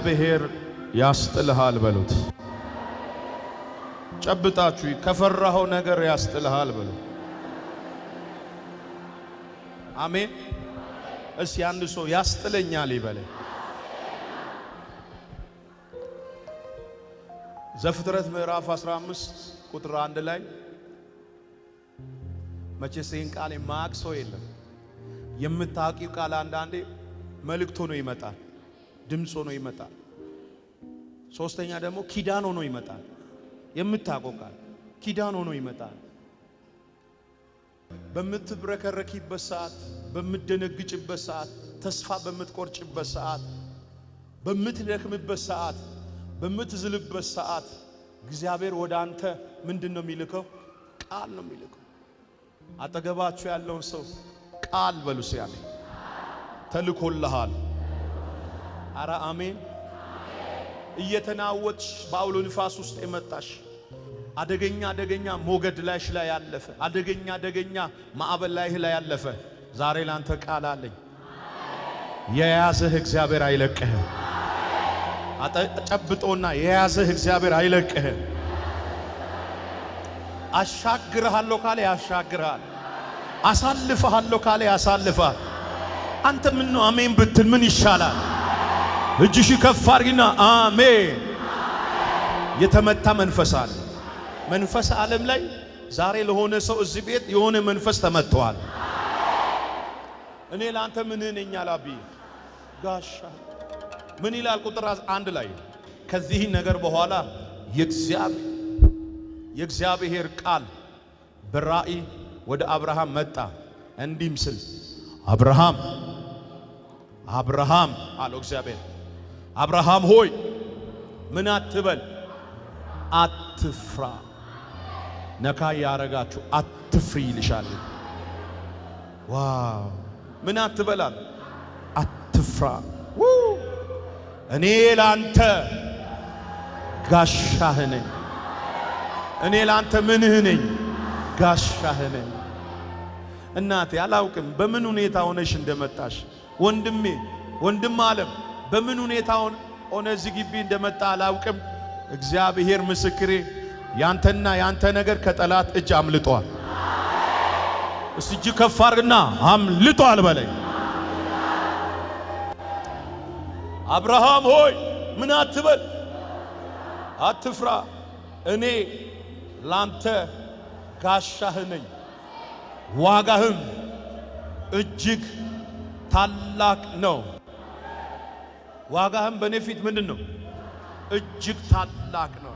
እግዚአብሔር ያስጥልሃል በሉት። ጨብጣችሁ ከፈራኸው ነገር ያስጥልሃል በሉት። አሜን። እስ አንድ ሰው ያስጥለኛል ይበለ። ዘፍጥረት ምዕራፍ 15 ቁጥር አንድ ላይ መቼስ ይህን ቃል የማያውቅ ሰው የለም። የምታውቂው ቃል አንዳንዴ መልክቶ ሆኖ ይመጣል። ድምፅ ሆኖ ይመጣል። ሶስተኛ ደግሞ ኪዳን ሆኖ ይመጣል። የምታቆቃል ኪዳን ሆኖ ይመጣል። በምትብረከረኪበት ሰዓት፣ በምደነግጭበት ሰዓት፣ ተስፋ በምትቆርጭበት ሰዓት፣ በምትደክምበት ሰዓት፣ በምትዝልበት ሰዓት እግዚአብሔር ወደ አንተ ምንድን ነው የሚልከው? ቃል ነው የሚልከው። አጠገባችሁ ያለውን ሰው ቃል በሉ ሲያለ ተልኮልሃል አረ አሜን። እየተናወጥሽ በአውሎ ንፋስ ውስጥ የመጣሽ አደገኛ አደገኛ ሞገድ ላይሽ ላይ ያለፈ አደገኛ አደገኛ ማዕበል ላይህ ላይ ያለፈ ዛሬ ላንተ ቃል አለኝ። የያዘህ እግዚአብሔር አይለቅህም። ጨብጦና የያዘህ እግዚአብሔር አይለቅህም። አሻግርሃለሁ ካለ ያሻግርሃል። አሳልፈሃለሁ ካለ ያሳልፋል። አንተ ምን ነው አሜን ብትል ምን ይሻላል? እጅሽ ከፍ አርጊና አሜን። የተመታ መንፈስ አለ። መንፈስ ዓለም ላይ ዛሬ ለሆነ ሰው እዚህ ቤት የሆነ መንፈስ ተመጥተዋል። እኔ ለአንተ ምንህ ነኝ አላቢ ጋሻ ምን ይላል? ቁጥር አንድ ላይ ከዚህ ነገር በኋላ የእግዚአብሔር ቃል በራእይ ወደ አብርሃም መጣ እንዲህም ስል አብርሃም አብርሃም አለው እግዚአብሔር አብርሃም ሆይ ምን አትበል፣ አትፍራ። ነካ ያረጋችሁ አትፍሪ ይልሻል። ዋው ምን አትበላል፣ አትፍራ። እኔ ላንተ ጋሻህ ነኝ። እኔ ላንተ ምንህ ነኝ? ጋሻህ ነኝ። እናቴ አላውቅም በምን ሁኔታ ሆነሽ እንደመጣሽ ወንድሜ፣ ወንድም አለም በምን ሁኔታውን ሆነ እዚህ ግቢ እንደመጣ አላውቅም። እግዚአብሔር ምስክሬ፣ ያንተና ያንተ ነገር ከጠላት እጅ አምልጧል። እስቲ እጅ ከፍ አድርግና አምልጧል በለኝ። አብርሃም ሆይ ምን አትበል፣ አትፍራ፣ እኔ ላንተ ጋሻህ ነኝ፣ ዋጋህም እጅግ ታላቅ ነው። ዋጋህም በእኔ ፊት ምንድን ነው? እጅግ ታላቅ ነው።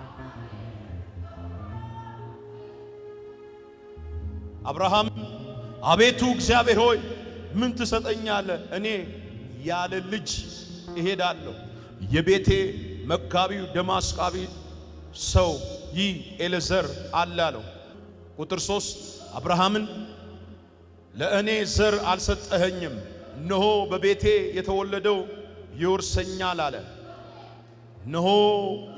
አብርሃም አቤቱ እግዚአብሔር ሆይ ምን ትሰጠኛለህ? እኔ ያለ ልጅ እሄዳለሁ። የቤቴ መጋቢው ደማስቃቢ ሰው ይህ ኤለዘር አለ አለው። ቁጥር ሶስት አብርሃምን ለእኔ ዘር አልሰጠኸኝም፣ እነሆ በቤቴ የተወለደው ይወርሰኛል አለ። እነሆ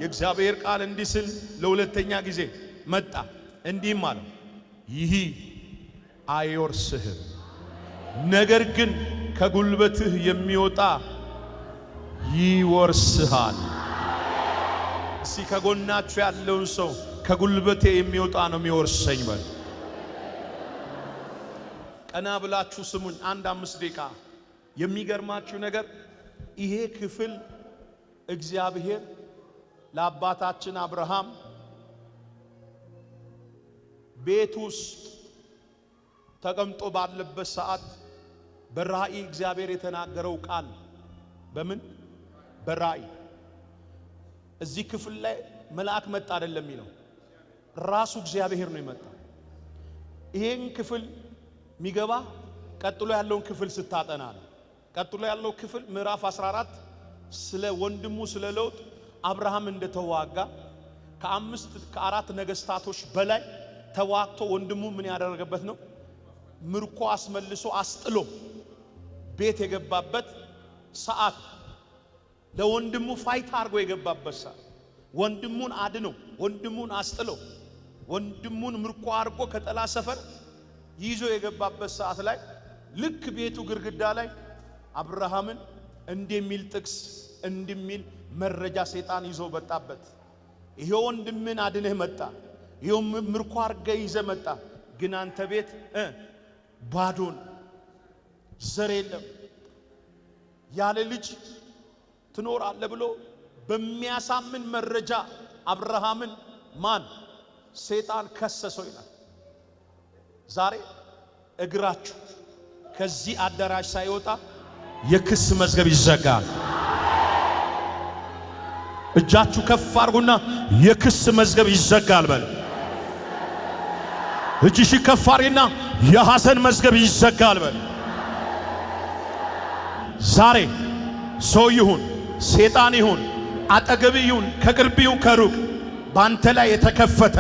የእግዚአብሔር ቃል እንዲህ ሲል ለሁለተኛ ጊዜ መጣ፣ እንዲህም አለው ይህ አይወርስህም፣ ነገር ግን ከጉልበትህ የሚወጣ ይወርስሃል። እስቲ ከጎናችሁ ያለውን ሰው ከጉልበቴ የሚወጣ ነው የሚወርሰኝ በል። ቀና ብላችሁ ስሙኝ አንድ አምስት ደቂቃ። የሚገርማችሁ ነገር ይሄ ክፍል እግዚአብሔር ለአባታችን አብርሃም ቤት ውስጥ ተቀምጦ ባለበት ሰዓት በራእይ እግዚአብሔር የተናገረው ቃል በምን በራእይ እዚህ ክፍል ላይ መልአክ መጣ አይደለም የሚለው ራሱ እግዚአብሔር ነው የመጣው? ይሄን ክፍል የሚገባ ቀጥሎ ያለውን ክፍል ስታጠና ነው። ቀጥሎ ያለው ክፍል ምዕራፍ 14 ስለ ወንድሙ ስለ ሎጥ አብርሃም እንደተዋጋ ከአምስት ከአራት ነገስታቶች በላይ ተዋግቶ ወንድሙ ምን ያደረገበት ነው? ምርኮ አስመልሶ አስጥሎ ቤት የገባበት ሰዓት፣ ለወንድሙ ፋይታ አድርጎ የገባበት ሰዓት፣ ወንድሙን አድኖ ወንድሙን አስጥሎ ወንድሙን ምርኮ አድርጎ ከጠላ ሰፈር ይዞ የገባበት ሰዓት ላይ ልክ ቤቱ ግድግዳ ላይ አብርሃምን እንደሚል ጥቅስ እንደሚል መረጃ ሰይጣን ይዞ በጣበት። ይሄ ወንድምን አድነህ መጣ፣ ይሄው ምርኮ አድርገህ ይዘ መጣ። ግን አንተ ቤት ባዶን ዘር የለም ያለ ልጅ ትኖራለህ ብሎ በሚያሳምን መረጃ አብርሃምን ማን ሰይጣን ከሰሰው ይላል። ዛሬ እግራችሁ ከዚህ አዳራሽ ሳይወጣ የክስ መዝገብ ይዘጋል። እጃችሁ ከፍ አርጉና የክስ መዝገብ ይዘጋል በል። እጅሽ ከፍ አድርጊና የሐዘን መዝገብ ይዘጋል በል። ዛሬ ሰው ይሁን ሴጣን ይሁን አጠገብ ይሁን ከቅርብ ይሁን ከሩቅ ባንተ ላይ የተከፈተ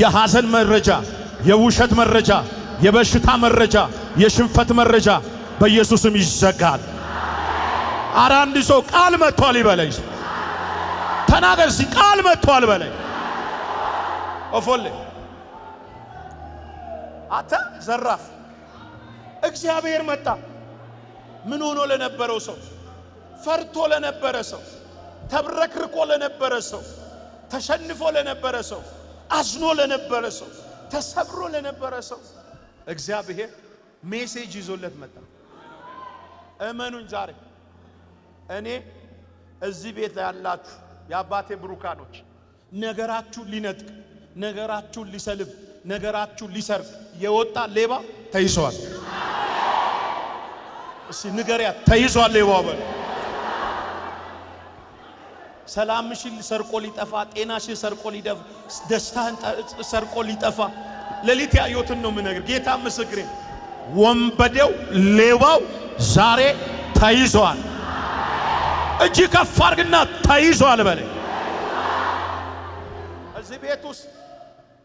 የሐዘን መረጃ፣ የውሸት መረጃ፣ የበሽታ መረጃ፣ የሽንፈት መረጃ በኢየሱስም ይዘጋል። ኧረ አንድ ሰው ቃል መጥቷል ይበለኝ። ተናገር እስቲ ቃል መጥቷል በለኝ። ኦፎሌ አተ ዘራፍ እግዚአብሔር መጣ። ምን ሆኖ ለነበረው ሰው፣ ፈርቶ ለነበረ ሰው፣ ተብረክርቆ ለነበረ ሰው፣ ተሸንፎ ለነበረ ሰው፣ አዝኖ ለነበረ ሰው፣ ተሰብሮ ለነበረ ሰው እግዚአብሔር ሜሴጅ ይዞለት መጣ። እመኑኝ ዛሬ እኔ እዚህ ቤት ላይ ያላችሁ የአባቴ ብሩካኖች ነገራችሁ ሊነጥቅ፣ ነገራችሁ ሊሰልብ፣ ነገራችሁ ሊሰርቅ የወጣ ሌባ ተይዟል። እሺ ንገሪያ ተይዟል። ሌባው በል ሰላምሽን ሰርቆ ሊጠፋ፣ ጤናሽን ሰርቆ ሊደፍ፣ ደስታህን ሰርቆ ሊጠፋ ሌሊት ያየሁትን ነው የምነግር። ጌታ ምስክሬ፣ ወንበዴው ሌባው ዛሬ ተይዟል። እጅ ከፍ አድርግና ተይዟል በለ። እዚህ ቤት ውስጥ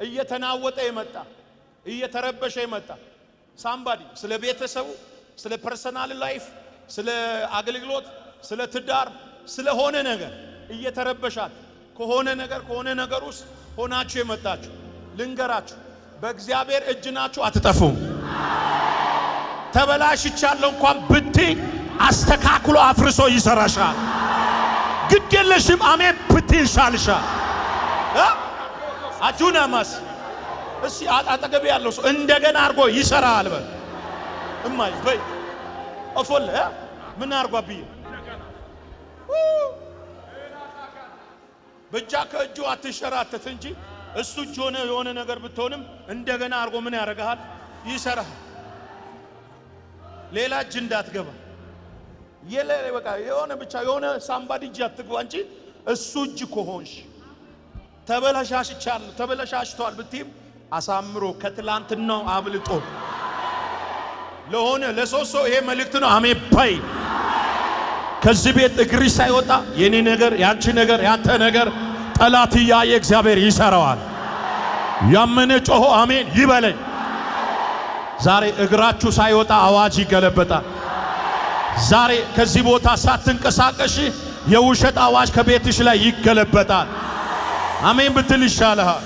እየተናወጠ የመጣ እየተረበሸ የመጣ ሳምባዲ ስለ ቤተሰቡ፣ ስለ ፐርሰናል ላይፍ፣ ስለ አገልግሎት፣ ስለ ትዳር፣ ስለሆነ ነገር እየተረበሻት ከሆነ ነገር ከሆነ ነገር ውስጥ ሆናችሁ የመጣችሁ ልንገራችሁ፣ በእግዚአብሔር እጅ ናችሁ፣ አትጠፉም። ተበላሽቻለሁ እንኳን ብትይ አስተካክሎ አፍርሶ ይሰራሻ። ግድ የለሽም። አሜን ብትንሻልሻ አጁናማስ እሺ፣ አጠገብ ያለው ሰው እንደገና አርጎ ይሰራ አልበ እማይ በይ እ ምን አርጓ ብዬ ብቻ ከእጁ አትሸራተት እንጂ እሱ እጅ ሆነ የሆነ ነገር ብትሆንም እንደገና አርጎ ምን ያደርግሃል? ይሰራል። ሌላ እጅ እንዳትገባ የሌላ በቃ የሆነ ብቻ የሆነ ሳምባዲ እጅ አትግባ እንጂ እሱ እጅ ከሆንሽ ተበለሻሽቻለሁ ተበለሻሽቷል ብትይም አሳምሮ ከትላንትናው አብልጦ ለሆነ ለሶስት ሰው ይሄ መልእክት ነው። አሜባይ ከዚህ ቤት እግርሽ ሳይወጣ የኔ ነገር ያንቺ ነገር ያንተ ነገር ጠላት እያየ እግዚአብሔር ይሰራዋል። ያመነ ጮሆ አሜን ይበለኝ። ዛሬ እግራችሁ ሳይወጣ አዋጅ ይገለበጣል። ዛሬ ከዚህ ቦታ ሳትንቀሳቀሽ የውሸት አዋጅ ከቤትሽ ላይ ይገለበጣል። አሜን ብትል ይሻልሃል።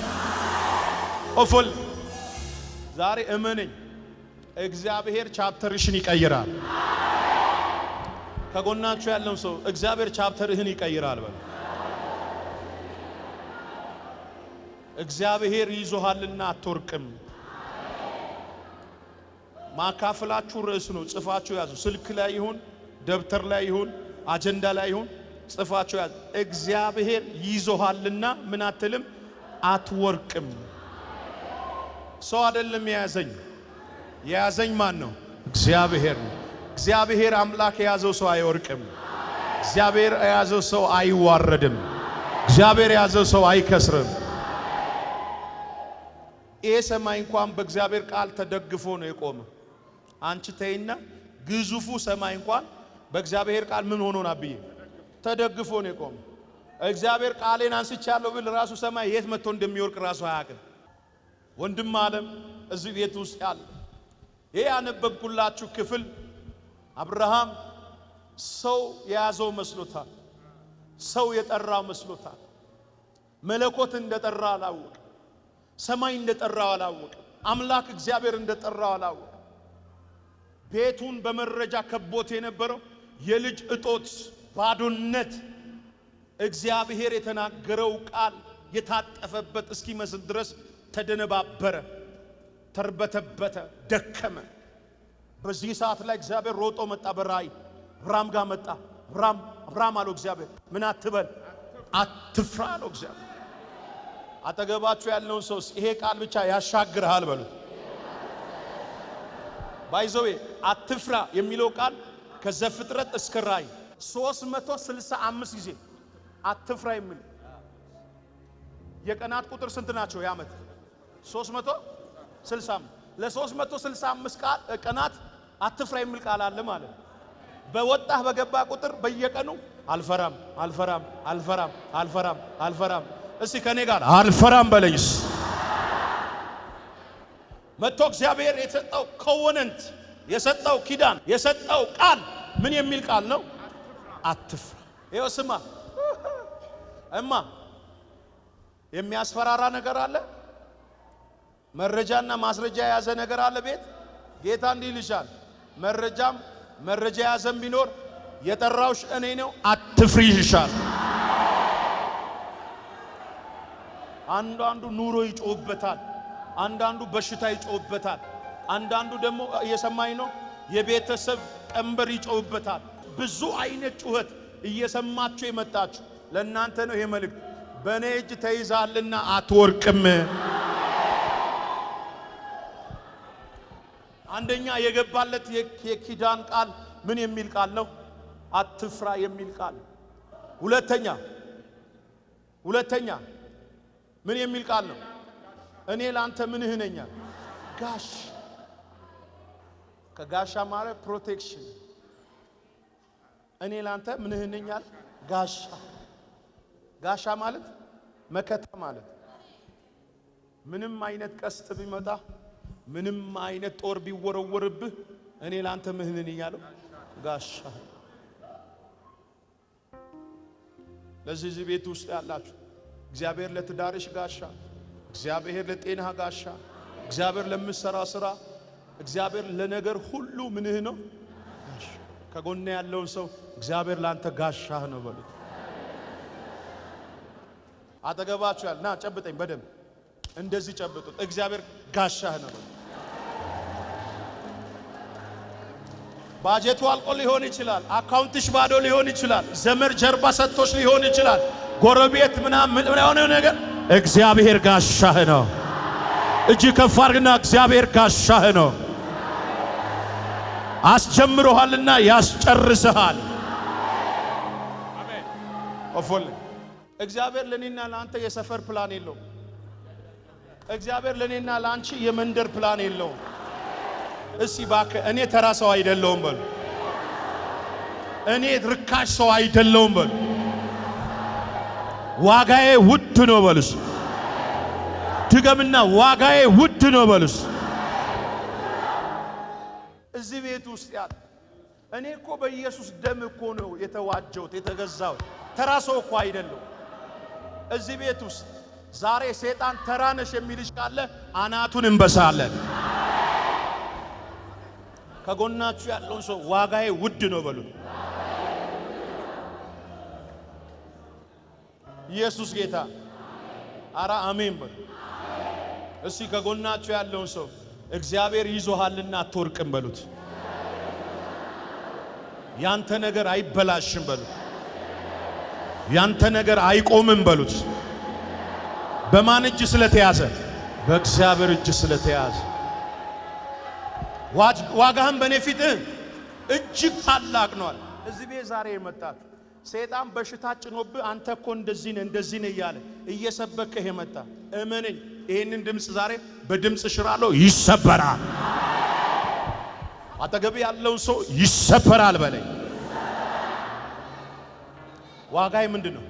እፉል ዛሬ እመነኝ፣ እግዚአብሔር ቻፕተርሽን ይቀይራል። ከጎናችሁ ያለው ሰው እግዚአብሔር ቻፕተርህን ይቀይራል በል። እግዚአብሔር ይዞሃልና አትወርቅም። ማካፈላችሁ ርዕስ ነው። ጽፋችሁ ያዙ። ስልክ ላይ ይሁን ደብተር ላይ ይሁን አጀንዳ ላይ ይሁን ጽፋችሁ ያዙ። እግዚአብሔር ይዞሃልና ምን አትልም አትወርቅም። ሰው አይደለም የያዘኝ። የያዘኝ ማን ነው? እግዚአብሔር ነው። እግዚአብሔር አምላክ የያዘው ሰው አይወርቅም። እግዚአብሔር የያዘው ሰው አይዋረድም። እግዚአብሔር የያዘው ሰው አይከስርም። ይሄ ሰማይ እንኳን በእግዚአብሔር ቃል ተደግፎ ነው የቆመው? አንቺ ተይና ግዙፉ ሰማይ እንኳን በእግዚአብሔር ቃል ምን ሆኖና ብዬ ተደግፎ ነው የቆመ። እግዚአብሔር ቃሌን አንስቻለሁ ብል ራሱ ሰማይ የት መጥቶ እንደሚወርቅ ራሱ አያውቅም። ወንድም ዓለም እዚህ ቤት ውስጥ ያለ ይህ ያነበብኩላችሁ ክፍል አብርሃም ሰው የያዘው መስሎታል። ሰው የጠራው መስሎታል። መለኮት እንደጠራ አላወቅም። ሰማይ እንደጠራው አላወቅ አምላክ እግዚአብሔር እንደጠራው አላወቅም። ቤቱን በመረጃ ከቦት የነበረው የልጅ እጦት፣ ባዶነት እግዚአብሔር የተናገረው ቃል የታጠፈበት እስኪመስል ድረስ ተደነባበረ፣ ተርበተበተ፣ ደከመ። በዚህ ሰዓት ላይ እግዚአብሔር ሮጦ መጣ። በራእይ አብርሃም ጋር መጣ። አብርሃም አለው እግዚአብሔር ምን አትበል አትፍራ አለው እግዚአብሔር። አጠገባችሁ ያለውን ሰውስ ይሄ ቃል ብቻ ያሻግርሃል በሉት ባይዘዌ አትፍራ የሚለው ቃል ከዘፍጥረት እስከ ራእይ 365 ጊዜ አትፍራ የሚል የቀናት ቁጥር ስንት ናቸው? የዓመት 365 ለ365 ቃል ቀናት አትፍራ የሚል ቃል አለ ማለት ነው። በወጣህ በገባ ቁጥር በየቀኑ አልፈራም አልፈራም አልፈራም አልፈራም አልፈራም። እስቲ ከኔ ጋር አልፈራም በለኝስ መጥቶ እግዚአብሔር የተሰጠው ኮቨነንት የሰጠው ኪዳን የሰጠው ቃል ምን የሚል ቃል ነው? አትፍራ። ይኸው ስማ እማ፣ የሚያስፈራራ ነገር አለ፣ መረጃና ማስረጃ የያዘ ነገር አለ። ቤት ጌታ እንዲህ ይልሻል፣ መረጃም መረጃ የያዘም ቢኖር የጠራውሽ እኔ ነው፣ አትፍሪ ይልሻል። አንዳንዱ ኑሮ ይጮህበታል፣ አንዳንዱ በሽታ ይጮህበታል። አንዳንዱ ደግሞ እየሰማኝ ነው፣ የቤተሰብ ቀንበር ይጮውበታል። ብዙ አይነት ጩኸት እየሰማችሁ የመጣችሁ ለእናንተ ነው ይሄ መልእክት። በእኔ እጅ ተይዛልና አትወርቅም። አንደኛ የገባለት የኪዳን ቃል ምን የሚል ቃል ነው? አትፍራ የሚል ቃል። ሁለተኛ ሁለተኛ ምን የሚል ቃል ነው? እኔ ለአንተ ምንህ ነኛ ጋሽ ከጋሻ ማለት ፕሮቴክሽን። እኔ ላንተ ምን ህንኛል? ጋሻ። ጋሻ ማለት መከታ ማለት ምንም አይነት ቀስት ቢመጣ ምንም አይነት ጦር ቢወረወርብህ እኔ ላንተ ምን ነኝ ጋሻ። ለዚህ እዚህ ቤት ውስጥ ያላችሁ እግዚአብሔር ለትዳርሽ ጋሻ፣ እግዚአብሔር ለጤና ጋሻ፣ እግዚአብሔር ለምሰራ ስራ እግዚአብሔር ለነገር ሁሉ ምንህ ነው። ከጎን ያለውን ሰው እግዚአብሔር ላንተ ጋሻህ ነው በሉት። አጠገባችሁ ያለ ና ጨብጠኝ፣ በደንብ እንደዚህ ጨብጡት። እግዚአብሔር ጋሻህ ነው በሉት። ባጀቱ አልቆ ሊሆን ይችላል። አካውንትሽ ባዶ ሊሆን ይችላል። ዘመድ ጀርባ ሰጥቶሽ ሊሆን ይችላል። ጎረቤት ምናምን የሆነ ነገር እግዚአብሔር ጋሻህ ነው። እጅ ከፍ አድርግና እግዚአብሔር ጋሻህ ነው። አስጀምሮሃልና ያስጨርስሃል። ኦፎል እግዚአብሔር ለኔና ለአንተ የሰፈር ፕላን የለውም። እግዚአብሔር ለኔና ለአንቺ የመንደር ፕላን የለው። እስቲ እባክህ እኔ ተራ ሰው አይደለሁም በሉ። እኔ ርካሽ ሰው አይደለሁም በሉ። ዋጋዬ ውድ ነው በሉስ። ድገምና ዋጋዬ ውድ ነው በሉስ። እኔ እኮ በኢየሱስ ደም እኮ ነው የተዋጀሁት የተገዛሁት። ተራ ሰው እኮ አይደለሁ። እዚህ ቤት ውስጥ ዛሬ ሰይጣን ተራ ነሽ የሚልሽ ካለ አናቱን እንበሳለን። ከጎናችሁ ያለውን ሰው ዋጋዬ ውድ ነው በሉት። ኢየሱስ ጌታ። አራ አሜን በሉ። እስቲ ከጎናችሁ ያለውን ሰው እግዚአብሔር ይዞሃልና አትወርቅም በሉት። ያንተ ነገር አይበላሽም በሉት። ያንተ ነገር አይቆምም በሉት። በማን እጅ ስለተያዘ? በእግዚአብሔር እጅ ስለተያዘ ዋጋህን በእኔ ፊት እጅግ ታላቅ ነዋል። እዚህ ቤት ዛሬ የመጣችሁ ሰይጣን በሽታ ጭኖብህ አንተ እኮ እንደዚህ ነህ እንደዚህ ነህ እያለ እየሰበከህ የመጣ እመነኝ፣ ይህንን ድምፅ ዛሬ በድምፅ ሽራለው ይሰበራል። አጠገብ ያለውን ሰው ይሰፈራል በለኝ። ዋጋይ ምንድን ነው?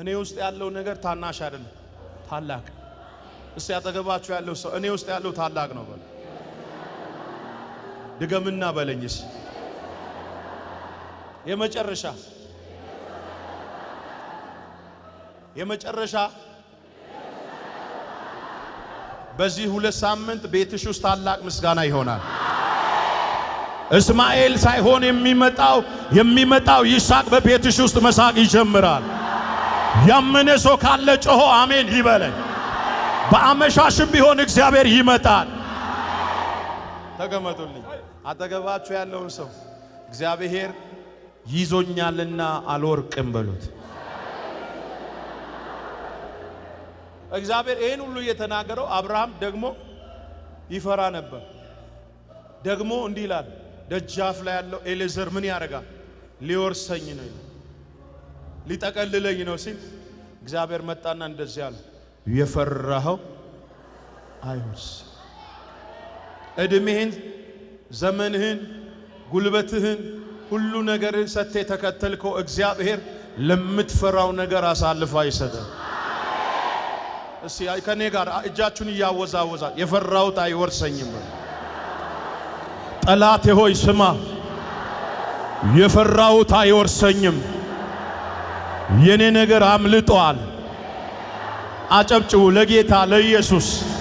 እኔ ውስጥ ያለው ነገር ታናሽ አይደለም፣ ታላቅ። እስቲ አጠገባችሁ ያለው ሰው እኔ ውስጥ ያለው ታላቅ ነው በለኝ። ድገምና በለኝስ የመጨረሻ የመጨረሻ በዚህ ሁለት ሳምንት ቤትሽ ውስጥ ታላቅ ምስጋና ይሆናል። እስማኤል ሳይሆን የሚመጣው የሚመጣው ይስሐቅ በቤትሽ ውስጥ መሳቅ ይጀምራል። ያመነ ሰው ካለ ጮሆ አሜን ይበለኝ። በአመሻሽም ቢሆን እግዚአብሔር ይመጣል። ተገመጡልኝ። አጠገባችሁ ያለውን ሰው እግዚአብሔር ይዞኛልና አልወርቅም በሉት። እግዚአብሔር ይህን ሁሉ እየተናገረው አብርሃም ደግሞ ይፈራ ነበር። ደግሞ እንዲህ ይላል፣ ደጃፍ ላይ ያለው ኤሌዘር ምን ያደርጋል? ሊወርሰኝ ነው ይላል፣ ሊጠቀልለኝ ነው ሲል እግዚአብሔር መጣና እንደዚህ አለ፣ የፈራኸው አይወርስ እድሜህን፣ ዘመንህን፣ ጉልበትህን፣ ሁሉ ነገርህን ሰጥተህ የተከተልከው እግዚአብሔር ለምትፈራው ነገር አሳልፎ አይሰጥም። እስቲ ከኔ ጋር እጃችሁን እያወዛወዛ የፈራሁት አይወርሰኝም። ጠላቴ ሆይ ስማ፣ የፈራሁት አይወርሰኝም። የኔ ነገር አምልጧል። አጨብጭቡ ለጌታ ለኢየሱስ።